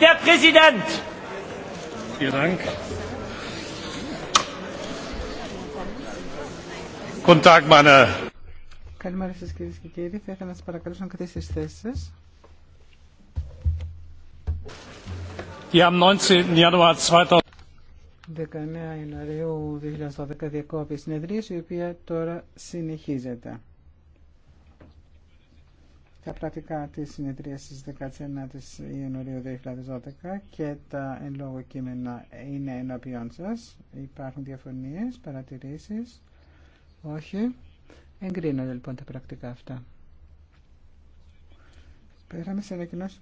Der Präsident! Vielen Dank. Guten Tag, meine. Καλημέρα σας κυρίες και κύριοι. Θα ήθελα να σας παρακαλώ να κρατήσετε τις θέσεις σας. 19. Ιανουαρίου 2012 διακόπη συνεδρίες, η οποία τώρα συνεχίζεται τα πρακτικά της συνεδρίας της 19ης Ιανουαρίου 2012 και τα εν λόγω κείμενα είναι ενώπιόν σας. Υπάρχουν διαφωνίες, παρατηρήσεις. Όχι. Εγκρίνονται λοιπόν τα πρακτικά αυτά. Πέραμε σε